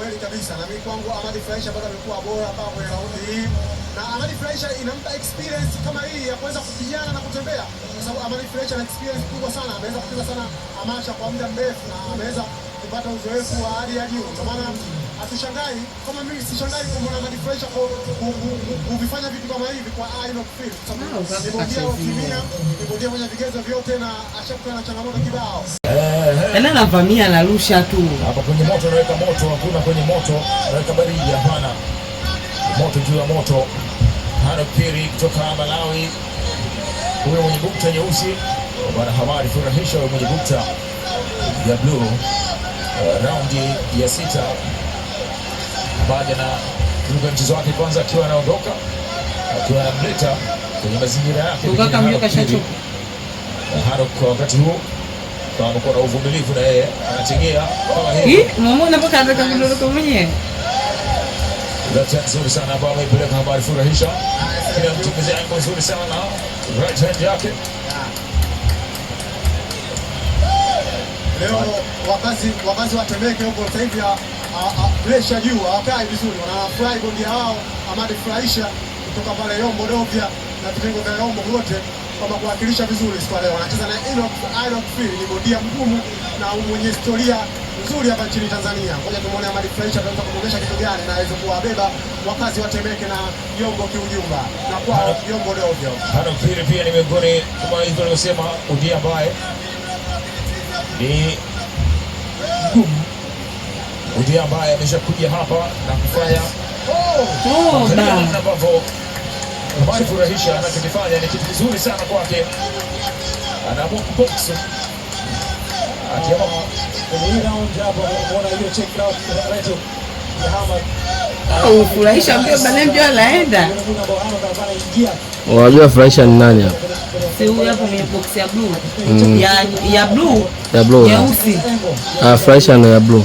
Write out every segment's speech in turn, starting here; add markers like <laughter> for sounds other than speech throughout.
kweli kabisa, na mimi kwangu amadi Fresh bado amekuwa bora hapa kwa raundi hii, na amadi Fresh inampa experience kama hii ya kuweza kupigana na kutembea, kwa sababu amadi Fresh ana experience kubwa sana, ameweza kucheza sana Amasha kwa muda mrefu na ameweza kupata uzoefu wa hali ya juu, kwa maana sishangai kama mimi sishangai kumwona Mandy Fresh kwa kuvifanya vitu kama hivi kwa I Know Feel, sababu bondia wa kimia ni bondia mwenye vigezo vyote na ashakutana na changamoto kibao. Eh, eh. Tena anavamia na rusha tu hapa kwenye moto, anaweka moto, hakuna kwenye moto, anaweka baridi, hapana moto juu ya moto. Hanokiri kutoka Malawi, huyo mwenye bukta nyeusi, bwana habari furahisha, huyo mwenye bukta ya blue eh, raundi ya sita baada na kuruka mchezo wake kwanza, akiwa anaondoka, akiwa anamleta kwenye mazingira yake Harok. Wakati huo amekuwa na uvumilivu na yeye anategea mwenyewe Left hand nzuri sana ambayo ameipeleka habari furahisha. Kila mtu mzee ango nzuri sana. Right hand yake. Leo wakazi wakazi watemeke huko sasa hivi presha juu, hawakai vizuri, wanafurahi bondia wao Amadi Furahisha kutoka pale Yombo Dovya na vitengo vya Yombo wote kwamba kuwakilisha vizuri siku leo anacheza na Enoch Iron Phil, ni bondia mgumu na mwenye historia nzuri hapa nchini Tanzania. Ngoja tumuone Amadi Furahisha ataweza kuonyesha kitu gani na aweze kuwabeba wakazi wa Temeke na Yombo kiujumla na kwa Yombo Dovya. Iron Phil pia ni miongoni kama hizo alivyosema bondia ambaye ni Ndiye ambaye ameshakuja hapa na kufanya ambavyo amefurahisha anachokifanya ni kitu kizuri sana kwake, anaenda. Unajua furahisha ni nani hapa? Si huyu hapo mwenye box ya blue. Mm. Ya ya blue. Ya blue. Nyeusi. Ah, furahisha ni ya blue.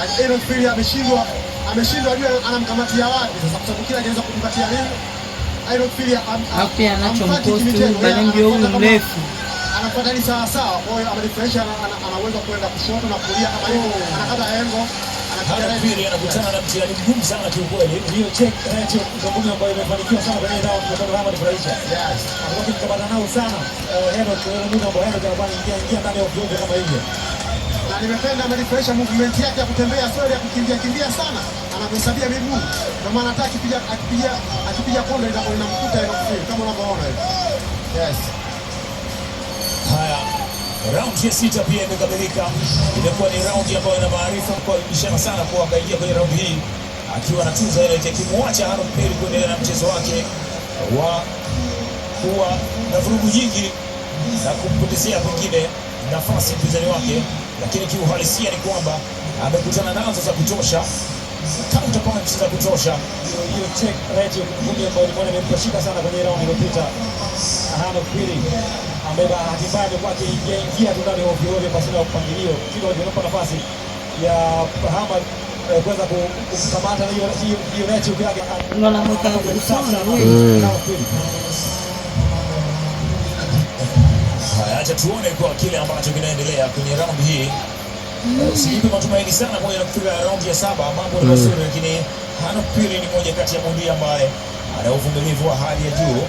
Aaron Phili ameshindwa, ameshindwa ajua anamkamatia wapi sasa, kwa sababu kila anaweza kumpatia nini. Aaron Phili hapo anachompost bandio huyu yaani mrefu anafuata ni sawa sawa, kwa hiyo amefresha, anaweza kwenda kushoto na kulia kama hivyo, anakata engo anakutana na mtihani mgumu sana kiukweli. Hiyo check eh, kampuni ambayo imefanikiwa sana kwenye dawa kwa Hamad Furahisha. Yes. Alikuwa kimkabana nao sana. Eh, Henok, yule mtu ambaye Henok anaingia ingia ndani ya vyombo kama hivyo na nimependa amelifurahisha movement yake ya kutembea, sio ya kukimbia kimbia sana, anakuhesabia miguu. kwa maana hata akipiga akipiga akipiga konde inamkuta inakufika kama unavyoona hivi. Yes. Haya, round ya sita pia imekamilika. Imekuwa ni round ambayo ina maarifa kwa kubishana sana kwa kaingia kwenye round hii akiwa na tuzo ile ya kimwacha Haron Peri kuendelea na mchezo wake wa kuwa na vurugu nyingi na kumpotezea pengine nafasi mpinzani wake lakini kiuhalisia ni kwamba amekutana nazo za kutosha. Kama utakuwa na za kutosha, hiyo check rate ya kumbuni ambayo nimeona imempa shida sana kwenye round iliyopita, hana kweli ambaye hatimaye amekuwa akiingia ingia tu ndani ovyo ovyo pasina kupangilio, kile kinampa nafasi ya hama eh, kuweza kukamata hiyo hiyo rate yake, unaona mwaka usoni acha tuone kwa kile ambacho kinaendelea kwenye round hii. Eh, Usijipe matumaini sana moja na kufika round ya saba, mambo ni mm. mazuri, lakini Hanopiri ni moja kati ya bondia ambaye ana uvumilivu wa hali ya juu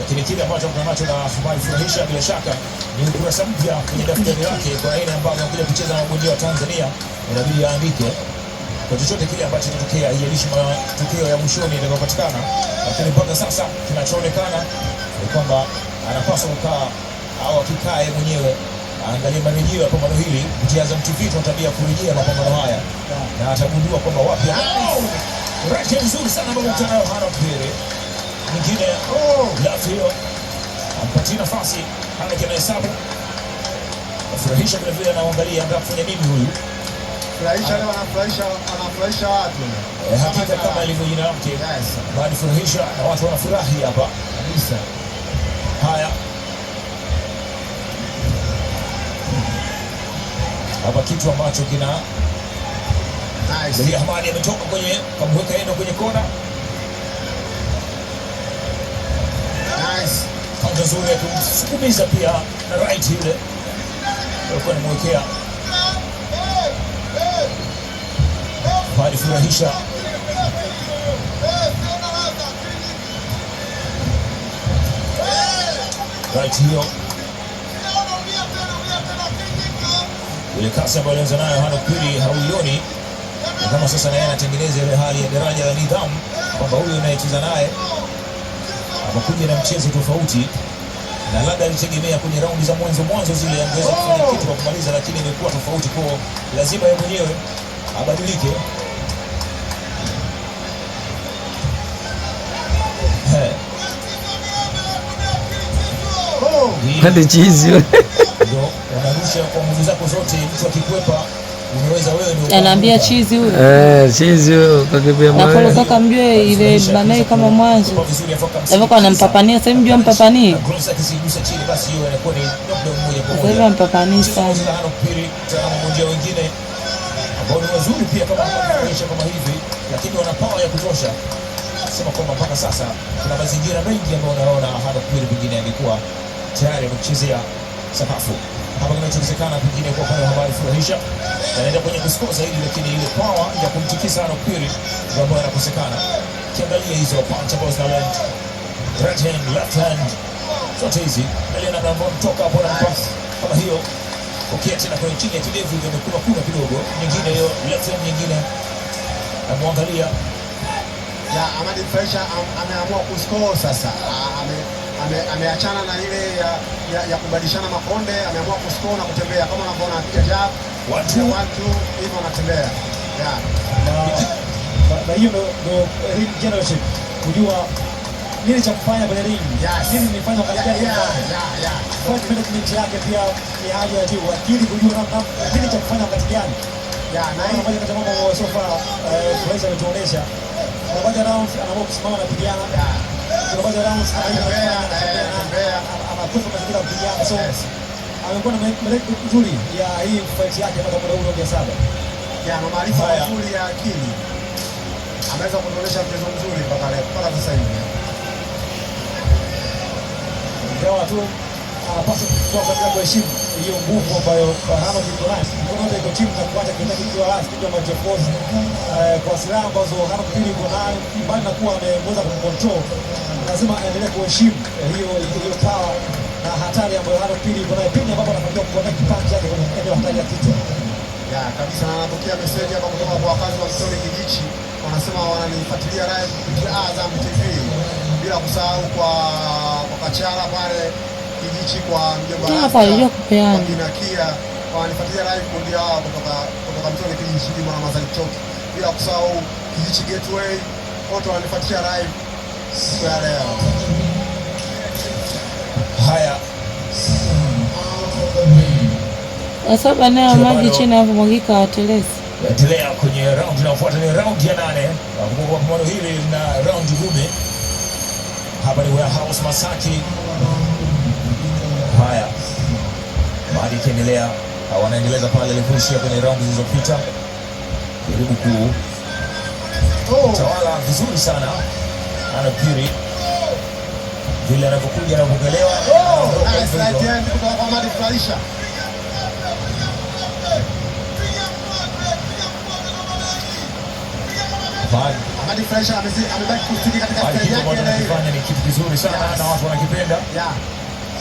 lakini kile ambacho mtanacho na habari furahisha bila shaka ni ukurasa mpya kwenye daftari lake, kwa aina ambayo anakuja kucheza na bondia wa Tanzania, inabidi aandike kwa chochote kile ambacho kitatokea, haijalishi matukio ya mwishoni yatakayopatikana. Lakini mpaka sasa kinachoonekana ni kwamba anapaswa kukaa au akikae mwenyewe angalia marejeo ya pambano hili kupitia Azam TV. Tuna tabia kurejea mapambano haya na atagundua kwamba wapi reke nzuri sana ambayo mtanayo hana mpere nyingine oh. lafu hiyo ampatie nafasi Haneki hesabu afurahisha vile vile, anaangalia anataka kufanya nini huyu eh, hakika kama ilivyo jina lake, anafurahisha na watu wanafurahi hapa kabisa. Haya. hapa kitu ambacho kina nice. hamadi ametoka kwenye kamweka endo kwenye kona nice. zuri ya pia na right yule alikuwa anamwekea alifurahisha right hiyo ule kasi ambayo alianza nayo hana kweli, hauioni kama sasa naye anatengeneza ile hali ya daraja la nidhamu, kwamba huyu anayecheza naye anakuja na mchezo tofauti, na labda alitegemea kwenye raundi za mwanzo mwanzo zile angeweza kufanya kitu kwa kumaliza, lakini imekuwa tofauti, kwa lazima yeye mwenyewe abadilike. Hadi chizi <laughs> kuhakikisha kwa nguvu zako zote mtu akikwepa Anaambia chizi huyo. Eh, chizi huyo kakibia mwana. Na kaka mjue ile banai kama mwanzo. Hivyo kwa anampapania sasa mjue Kwa hivyo sana. Ambao ni wazuri pia kama kama hivi, lakini wana power ya kutosha. Sema kwamba mpaka sasa kuna mazingira mengi ambayo unaona pengine alikuwa tayari amechezea sakafu kama kinachowezekana pengine kwa upande wa habari furahisha, anaenda kwenye kusukuma zaidi, lakini ile power ya kumtikisa na Nakwiri ambayo anakosekana. Kiangalia hizo punch ambazo zina land right hand, left hand, zote hizi angalia namna ambayo mtoka hapo na pass kama hiyo, ukiacha na kwenye chini ya kidevu ndio kuna kuna kidogo nyingine, hiyo left hand nyingine, na muangalia ya Amadi Fresha ameamua kuscore sasa ah, ame ameachana ame na ile ya, ya, ya kubadilishana makonde, ameamua kuscore na kutembea kama unavyoona anapiga jab watu watu hivyo wanatembea Na hiyo ndo ring eh, generation kujua nini cha kufanya kwenye ring, nini nifanya kwa ajili ya kwa management yake pia ni hali ya juu, akili kujua namna nini cha kufanya wakati gani ya na hiyo moja kati ya mambo sofa eh, Fraser ametuonesha na baada ya round anaamua kusimama na kupigana so amekuwa na meleki nzuri ya hii fight yake mpaka muda huu robo saba. Ana maarifa mazuri ya akili, ameweza kuonyesha mchezo mzuri mpaka leo, mpaka sasa hivi. Ingawa tu ah, anapaswa kuchukua katika kuheshimu hiyo nguvu ambayo Farhana iko nayo. Mmoja iko timu na kuacha kwa kitu cha last kitu ambacho eh, kwa silaha ambazo Farhana iko nayo, mbali na kuwa ameweza kumcontrol lazima aendelee kuheshimu eh, hiyo hiyo pao na hatari ambayo hapo pili kuna pili ambapo anakuja kuona punch chake kwenye eneo hatari ya kichwa. Ya kabisa anapokea message hapa kutoka kwa wakazi wa Kisole Kijichi, wanasema wananifuatilia live kupitia Azam TV, bila kusahau kwa kwa Kachara pale Kijichi kwa mjomba wake. Hapa ndio kupeana. Kwa Kia wananifuatilia live kundi hao kutoka kutoka Kisole Kijichi kwa Mazali Choki. Bila kusahau Kijichi Gateway wote wananifuatilia live siku ya leo. Haya, wasaba nayo maji chini hapo mwagika atelezi Endelea kwenye raundi inayofuata, ni round ya nane. Nakumbuka pambano hili na round kumi. Hapa ni Warehouse Masaki. Haya, maji ikiendelea, wanaendeleza pale alipoishia kwenye round zilizopita, jaribu oh. kutawala vizuri sana anakiri vile anavyokuja anapokelewa oh, amefanya ni kitu kizuri sana na watu wanakipenda.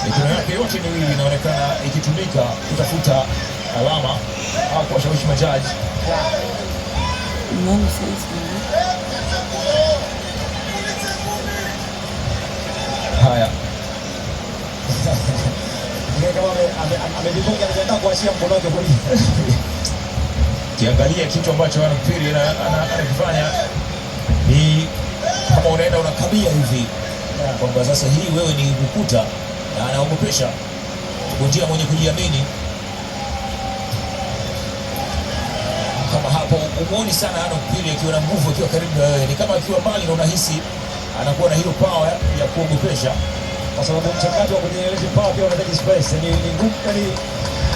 Mikono yake yote miwili inaonekana ikitumika kutafuta alama au kuwashawishi majaji. haya <laughs> <laughs> Kiangalia kitu ambacho anampiri anakifanya ni kama unaenda unakabia hivi kwamba sasa hii wewe ni ukuta, na anaogopesha kujia mwenye kujiamini kama hapo. Umuoni sana ana mpiri akiwa na nguvu, akiwa karibu na wewe ni kama akiwa mbali na unahisi anakuwa na hiyo power ya kuogopesha, kwa sababu mchakato wa kujenerate power pia unahitaji space. Ni ni ngumu kali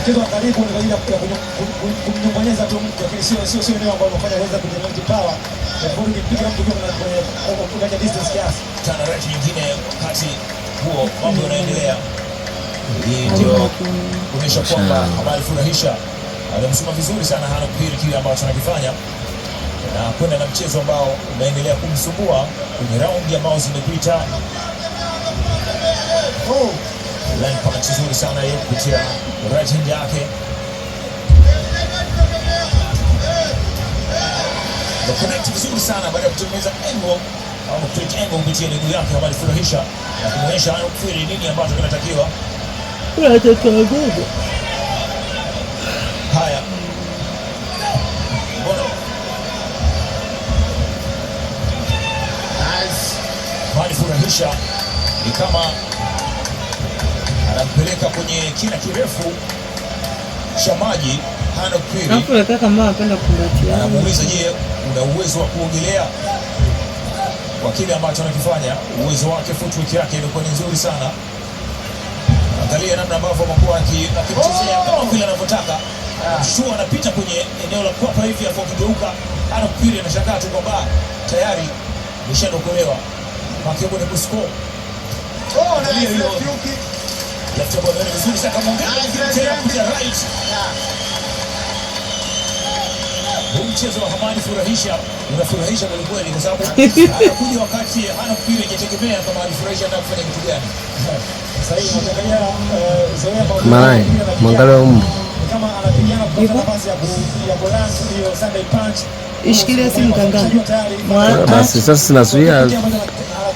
kitu karibu ni kwa ajili ya kumnyonyeza tu mtu, lakini sio sio sio eneo ambalo unafanya uweza kujenerate power. Kwa hiyo kipiga mtu kwa kwa kwa distance kiasi. Tana rate nyingine kati huo mambo yanaendelea. Hii ndio kuonesha kwamba habari furahisha. Anamsoma vizuri sana Hana Kupiri kile ambacho anakifanya na kwenda na mchezo ambao unaendelea kumsumbua kwenye raundi ambao zimepita. Oh, lanpachi sana hiyo kupitia right yake na connect vizuri sana baada ya kutengeneza angle au kupitia angle kupitia miguu yake ambayo alifurahisha na kumuonyesha Aaron kufiri nini ambacho kinatakiwa. kuhakikisha ni kama anampeleka kwenye kina kirefu cha maji. Anamuuliza, je, una uwezo wa kuogelea? Kwa kile ambacho anakifanya, uwezo wake, footwork yake ilikuwa ni nzuri sana. Angalia namna ambavyo amekuwa akichezea kama vile anavyotaka. Ah. Shua anapita kwenye eneo la kwapa hivi, akigeuka ana mpira, anashangaa tu kwamba tayari imeshadokolewa. Makioko ni kuscore. Oh, na hiyo Left kama Mchezo wa furahisha, unafurahisha kwa kweli kwa sababu anakuja wakati hana mpira kama alifurahisha na kufanya kitu gani. Sasa hivi zoea kwa Malai, Kama anapigana nafasi ya ya hiyo Sunday punch. simu Basi sasa sinazuia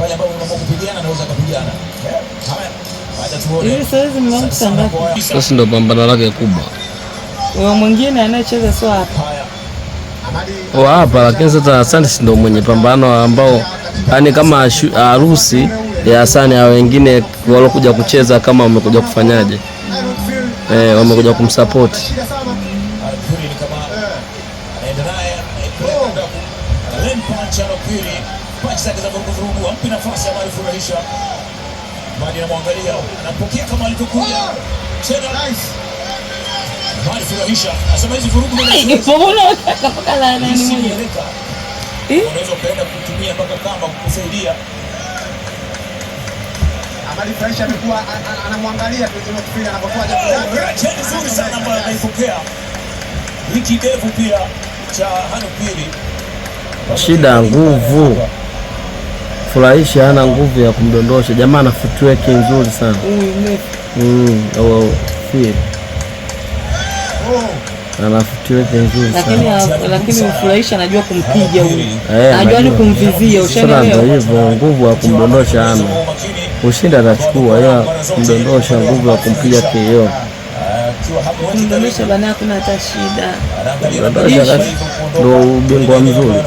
pale ambapo unaamua kupigana na unaweza kupigana. Sasa ndio pambano lake kubwa. Wa mwingine anayecheza sio hapa. Oh, hapa lakini sasa Asante ndio mwenye pambano ambao yani kama harusi ya Asante na wengine walokuja kucheza kama wamekuja kufanyaje? Eh, wamekuja kumsupport. anamwangalia, anapokea kama alivyokuja tena. Nice bali furahisha, hizi vurugu ni unaweza eh? kwenda kutumia mpaka kama kukusaidia amali Amekuwa anamwangalia nzuri sana ambayo anaipokea hiki devu pia cha Hanu shida nguvu kumfurahisha, hana nguvu ya kumdondosha. Jamaa ana footwork nzuri sana mm, oh, ana footwork nzuri sana lakini mfurahisha, anajua kumpiga huyu, eh, anajua ni kumvizia. Ushaelewa hivyo, nguvu ya kumdondosha ana Ushinda atachukua, ya kumdondosha, nguvu ya kumpiga KO kumdondosha bana, hakuna hata shida. Ndio ubingwa mzuri.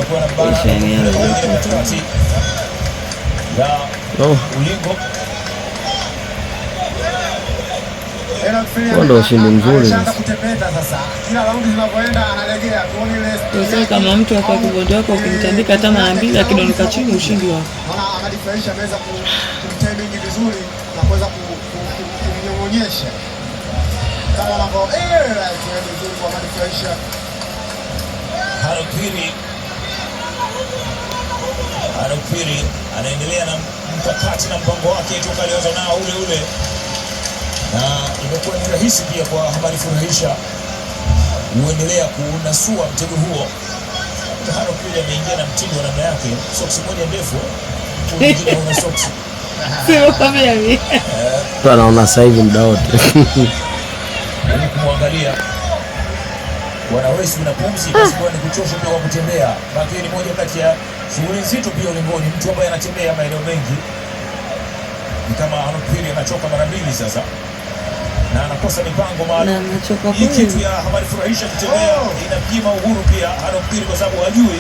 Oh. Ndo ushindi mzuri. Kama mtu akakugondea wako ukimtandika hata mara mbili akidondoka chini, ushindi wako anaendelea na mkakati na mpango wake toka alianza nao ule ule, na imekuwa ni rahisi pia kwa habari furahisha huendelea kunasua mtego huo. Mtaharo pia ameingia na mtindo wa namna yake, soksi moja ndefu, mwingine una <laughs> soksi anaona sasa hivi muda wote <laughs> yaani kumwangalia wanawesi na pumzi, basi ah. ni kuchosha pia kwa kutembea. lakini moja kati ya shughuli nzito pia ulingoni. Mtu ambaye anatembea maeneo mengi ni kama anafikiri anachoka mara mbili sasa na anakosa mipango maalum. Hii kitu ya habari furahisha kutembea oh, inapima uhuru pia, anafikiri kwa sababu hajui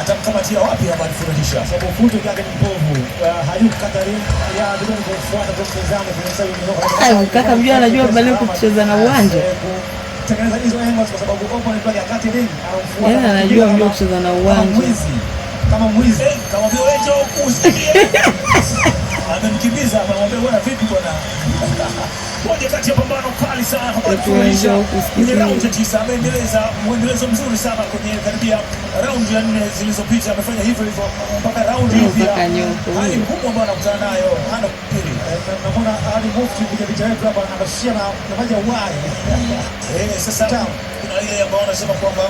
atamkamatia wapi habari furahisha, sababu futo yake ni mbovu, hajui kadari ya dunia kufuata kwa mtazamo kwa sababu ni roho. kaka mjua anajua bali kucheza na uwanja. Eh, tengeneza hizo hema kwa sababu open ni kati ya yeye anajua mjua kucheza na uwanja kama mwizi, kama vile leta huku usikie. Amemkimbiza akamwambia bwana, vipi bwana? <laughs> Moja kati ya pambano kali sana kwa kuonyesha kwenye raundi ya tisa. Ameendeleza mwendelezo mzuri sana kwenye karibia raundi ya nne zilizopita, amefanya hivyo hivyo mpaka raundi hii ya hali ngumu ambayo anakutana nayo ana kupiri. Eh, Naona hadi mufti kwenye picha yake hapa anashia na maji ya uhai. Mm. <laughs> Eh, sasa kuna ile ambayo anasema kwamba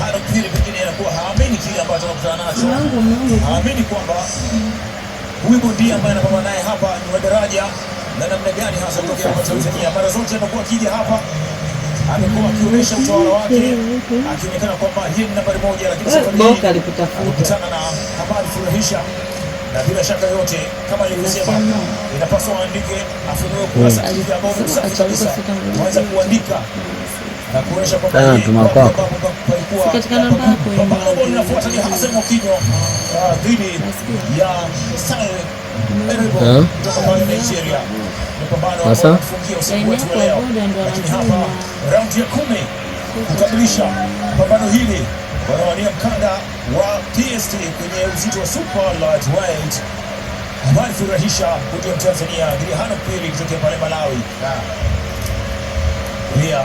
hanafikiri pengine anakuwa haamini kile ambacho anakutana nacho, haamini kwamba huyu ndiye ambaye anapambana naye hapa ni wa daraja na namna gani hasa kutokea kwa Tanzania. Mara zote amekuwa akija hapa amekuwa akionyesha utawala wake akionekana kwamba yeye ni nambari moja, lakini safari alikutana na habari furahisha na bila shaka yote kama nilivyosema, inapaswa waandike afunue kurasa ambao ni safi kabisa, waweza kuandika sana eh, tuma kwako katika namba yako sasa, ya kumi kukamilisha pambano hili wanawania mkanda wa PST kwenye uzito wa super lightweight habari furahisha kutoka Tanzania Dirihano Pili kutokea pale Malawi pia ah.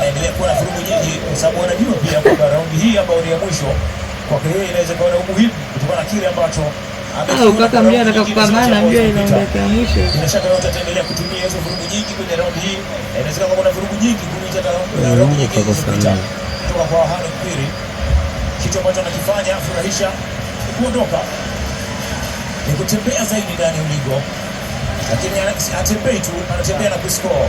anaendelea kuwa na furugu nyingi, kwa sababu wanajua pia kwamba raundi hii ambayo ni ya mwisho kwake yeye inaweza kuwa na umuhimu kutokana na kile ambacho ah, bila shaka yote ataendelea kutumia hizo vurugu nyingi kwenye raundi hii. Inawezekana kwamba kuna vurugu nyingi kutoka kwa Kitu ambacho anakifanya furahisha kuondoka ni kutembea zaidi ndani ya ulingo, lakini atembei tu, anatembea na kuscore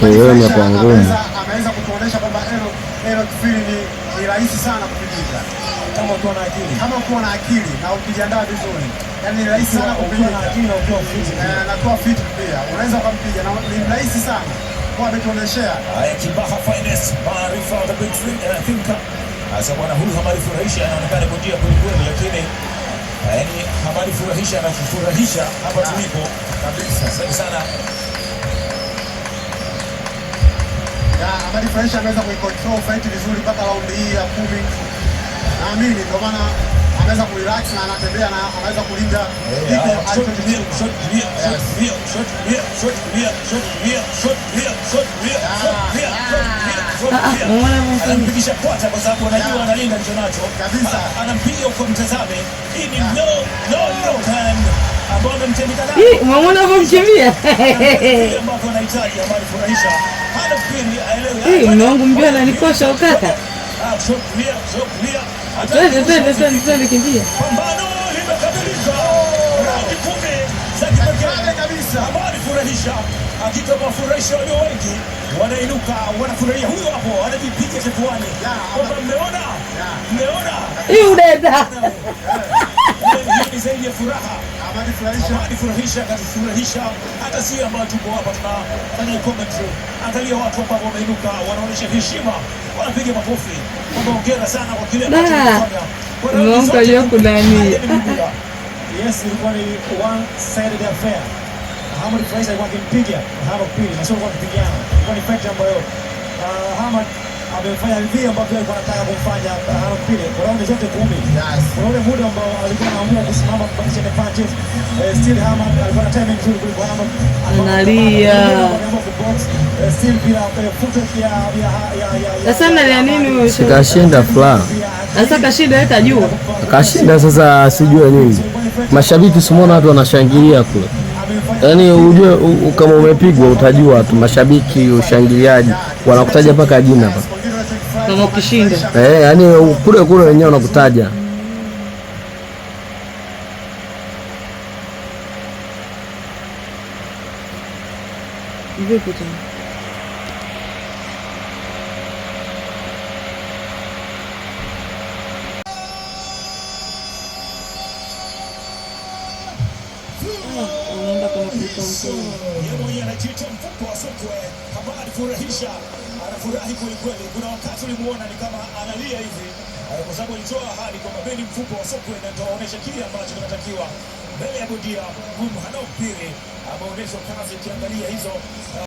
Kelele kwa ngumu. Ameweza kutuonesha kwamba Erokfili ni rahisi sana kupiga kama na akili, kama na akili na ukijiandaa vizuri, yani ni rahisi sana na eh, fit pia unaweza kumpiga na ni rahisi sana kwa ametuoneshea Kibaha maarifa the big bwana huyu anaonekana kweli kweli, lakini yaani habari furahisha na kufurahisha hapa tulipo kabisa. Asante sana. Ya habari furahisha ameweza kuicontrol fight vizuri mpaka raundi hii ya kumi, naamini ndio maana anaweza kurelax na anatembea na anaweza kulinda anampigisha kwata kwa sababu anajua analinda nacho kabisa, anampiga kwa mtazame. Hii ni no no no time ambao amemtendeka nayo, umeona anamkimia anahitaji hana aelewe. Hii mbio ananikosha ukaka Twende twende twende twende, kimbia. Pambano limekamilika na kifupi za kipekee kabisa, habari furahisha hakika, wafurahisha walio wengi wanainuka, wanafurahia. Huyo hapo anajipiga kifuani kwamba mmeona, mmeona hii udeda, ni zaidi ya furaha amanifurahisha, akatufurahisha. Hata si ambayo tuko hapa tunafanya commentary, angalia watu ambao wameinuka, wanaonyesha heshima, wanapiga makofi. Hongera sana kwa kile mnachofanya. <laughs> Yes, ilikuwa ni one sided affair. Hamad Faiz alikuwa akimpiga Hamad pili, na sio kwa kupigana, ilikuwa ni fact ambayo uh, Hamad amefanya vile ambavyo alikuwa anataka kufanya uh, pile. kwa hiyo zote kumi. Unaona muda ambao alikuwa anaamua kusimama kupandisha eh, still hama alikuwa na timing nzuri kuliko Hamad. Analia. Still bila footage ya ya ya. Sasa ya nini? huyo? Sikashinda fulani. Sasa kashinda hata juu. Kashinda sasa sijue nini. Mashabiki simuona watu wanashangilia kule. Yaani ujue kama umepigwa utajua tu mashabiki ushangiliaji wanakutaja mpaka jina hapa kama ukishinda eh, yani kule kule wenyewe unakutaja vipi tena? ni mkubwa wa soka inayoonyesha kile ambacho kinatakiwa mbele ya bondia. gumu hana mpira, ameonyesha kazi, ukiangalia hizo uh,